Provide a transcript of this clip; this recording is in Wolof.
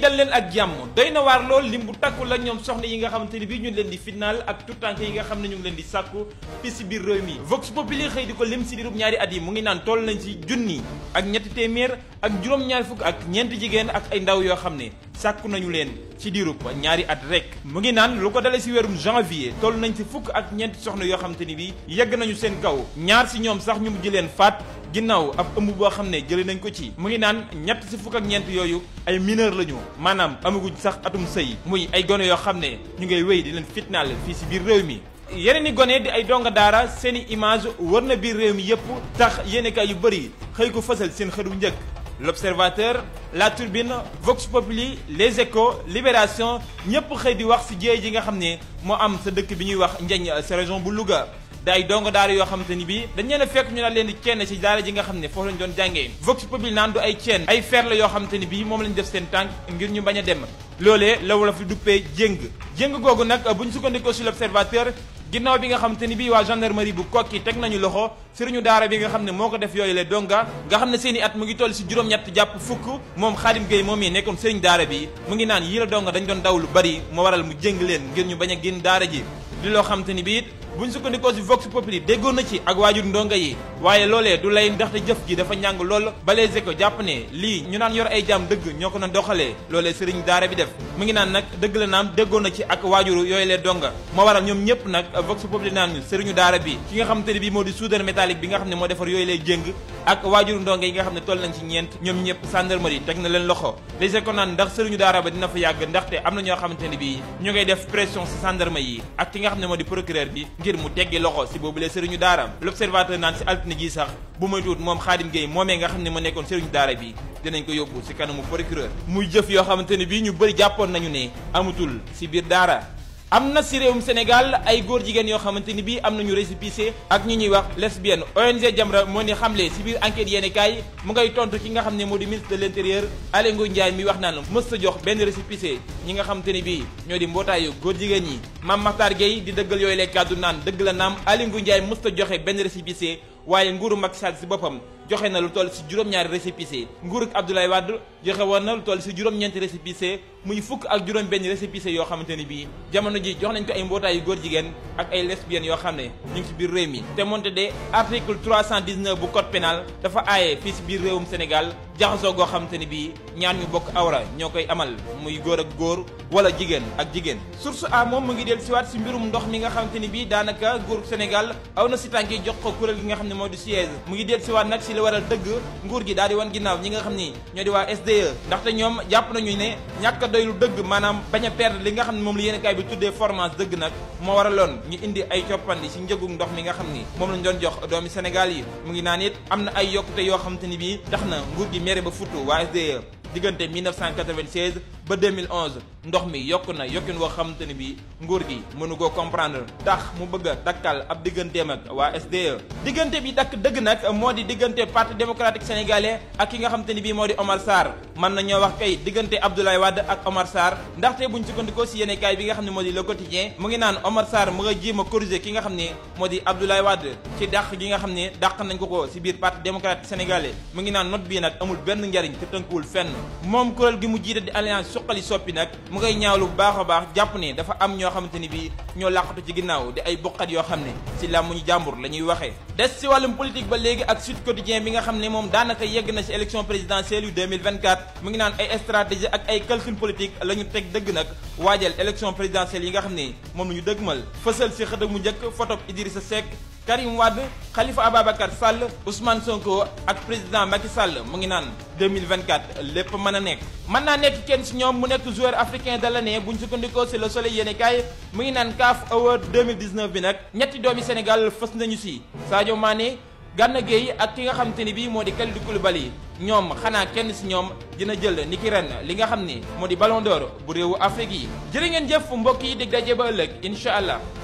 dal leen ak jàmm doy na waar lool lim bu takku la ñoom soxna yi nga xamante ni bii ñu ngi leen di fitnaal ak tuttànk yi nga xam ne ñu leen di sàkku fi si biir réew mi Vox Populi xëy di ko lim si diirub ñaari at yi mu ngi naan toll nañ si junni ak ñetti téeméer ak juróom-ñaar fukk ak ñeenti jigéen ak ay ndaw yoo xam ne sàkku nañu leen ci diirub ñaari at rek mu ngi naan lu ko dalee si weerum janvier toll nañ si fukk ak ñeent soxna yoo xamante ni bi yegg nañu seen kaw ñaar si ñoom sax ñu mujj leen faat ginnaaw ab ëmb boo xam ne jëlee nañ ko ci mu ngi naan ñett si fukk ak ñeent yooyu ay mineur la ñu maanaam amaguñ sax atum sëy muy ay gone yoo xam ne ñu ngay wéy di leen fitnaal fii si biir réew mi yeneen i gone di ay donga daara seen i image war na biir réew mi yépp tax yéenekaay yu bëri xëy ko fësal seen xëru njëkk l'observateur la turbine vox populi les échos libération ñëpp xëy di wax si jéey ji nga xam ne moo am sa dëkk bi ñuy wax njeñ euh, sa région bu Louga daay dongo daara yoo xamante ni bii dañ leen a fekk ñu daal leen di kenn xam ne foofu lañ doon jàngee vox populi naan du ay ni bii moom lañ def seen tànk ngir ñu a dem loolee la wala fi duppee jéng nag bu ñu sukkandikoo sur l'observateur ginnaaw bi nga xamante ni bii waa gendarmerie bu kokki teg nañu loxo sëriñu daara bi nga xam ne moo ko def yooyu le donga nga xam ne seen i at mu ngi toll si juróom-ñett jàpp fukk moom Xaadim Gueye moom yi nekkoon sëriñ daara bi mu ngi naan yi la donga dañ doon daw lu bari moo waral mu jéng leen ngir ñu bañ a génn daara ji li loo xamante ni biit buñ sukkandikoo si Vox Populi déggoon na ci ak waajur ndonga yi waaye loolee du lay ndaxte jëf ji dafa ñàng lool balee se ko jàpp ne lii ñu naan yor ay jaam dëgg ñoo ko na doxalee loolee sëriñ daara bi def mu ngi naan nag dëgg la naam déggoon na ci ak waajuru yooyu lee donga moo waral ñoom ñëpp nag Vox Populi naan ñu sëriñu daara bi ki nga xam te ne bi moo di soudeur métallique bi nga xam ne moo defar yooyu lee jéng ak waajur ndongo yi nga xam ne toll nañ ci ñeent ñoom ñëpp gendarmerie teg na leen loxo les ko naan ndax sëriñu daara ba dina fa yàgg ndaxte am na ñoo xamante ne bii ñu ngay def pression ci gendarme yi ak ki nga xam ne moo di procureur bi ngir mu teggi loxo ci boobu lee sëriñu daara l'observateur naan ci altine gi sax bu moytuwut moom Khadim Gueye moomee nga xam ne ma nekkoon sëriñu daara bi dinañ ko yóbbu ci kanamu procureur muy jëf yoo xamante ne bii ñu bëri jàppoon nañu ne amutul ci biir daara am na si réewum Sénégal ay góor jigéen yoo xamante ni bii am nañu récépissé ak ñi ñuy wax lesbienne ONG Jamra moo ni xamle si biir enquête yéene kaay mu ngay tontu ki nga xam ne moo di ministre de l' intérieur Aly Ngouille Ndiaye mi wax naan mës a jox benn récépissé ñi nga xamante ni bii ñoo di mbootaayu góor jigéen ñi Mame Makhtar Gueye di dëggal yooyu lay kàddu naan dëgg la naam Aly Ngouille Ndiaye mës joxe benn récépissé waaye nguuru Macky Sall si boppam joxe na lu toll si juróom-ñaari récépissé nguur ak Abdoulaye Wade joxe woon na lu toll si juróom-ñeenti récépissé muy fukk ak juróom-benn récépissé yoo xamante ni bii jamono ji jox nañ ko ay mbootaayu góor jigéen ak ay lesbiennes yoo xam ne ñu ngi biir réew mi te moonte de article 319 bu code pénal dafa aaye fii si biir réewum Sénégal jaxasoo goo xam te ni bii ñaan ñu bokk awra ñoo koy amal muy góor ak góor wala jigéen ak jigéen source a moom mu ngi del siwaat si mbirum ndox mi nga xam te ni bii daanaka nguur Sénégal aw na si tànki jox ko kuréel gi nga xam ne moo di siège mu ngi del siwaat nag si li waral dëgg nguur gi daal di wan ginnaaw ñi nga xam ni ñoo di waa SDE ndaxte ñoom jàpp nañu ne ñàkk a doy dëgg maanaam bañ a li nga xam ne moom la yéen kaay bi tuddee formance dëgg nag moo waraloon ñu indi ay coppandi si njëgu ndox mi nga xam ni moom lañ doon jox doomi Sénégal yi mu ñere ba futu waa SDE diggante 1996 ba 2011 ndox mi yokk na yokkin woo xamante ni bi nguur gi mënu ko comprendre tax mu bëgg a dakkal ab digganteem ak waa SDE diggante bi dakk dëgg nag moo di diggante parti démocratique sénégalais ak ki nga xamante ni bii moo di Omar saar mën na ñoo wax kay diggante Abdoulaye Wade ak Omar Sarr ndaxte buñ sukkandikoo si yéene kaay bi nga xam ne moo di le quotidien mu ngi naan Omar Sarr mu nga jéem a corriger ki nga xam ne moo di Abdoulaye Wade ci dàq gi nga xam ne dàq nañ ko ko si biir parti démocratique sénégalais mu ngi naan note bii nag amul benn njariñ te fenn moom kuréel gi mu jiite di alliance suqali soppi nag mu ngay ñaawlu bu baax a baax jàpp ne dafa am ñoo xamante ni bi ñoo làqatu ci ginnaaw di ay bokkat yoo xam ne si mu jàmbur la ñuy waxee des si wàllum politique ba léegi ak Sud Quotidien bi nga xam ne moom daanaka yegg na si élection présidentielle yu 2024 mu ngi naan ay stratégie ak ay calcul politique la ñu teg dëgg nag waajal élection présidentielle yi nga xam ne moom la ñu dëgmal fësal si mu njëkk photo Idrissa Seck Karim Wade Khalifa Ababacar Sall Ousmane Sonko ak président Macky Sall mu ngi naan 2024 lépp mën a nekk. mën naa nekk kenn si ñoom mu nekk joueur africain de l'année bu ñu sukkandikoo si le soleil yéene kaay mu ngi naan CAF Award 2019 bi nag ñetti doomi Sénégal fës nañu si Sadio Mané. Gana Gueye ak ki nga xamante ni bii moo di Kalidou bali ñoom xanaa kenn si ñoom dina jël ni ki ren li nga xam ni moo di Ballon d'Or bu réewu Afrique yi jërë ngeen jëf mbokk yi di daje ba ëllëg incha allah.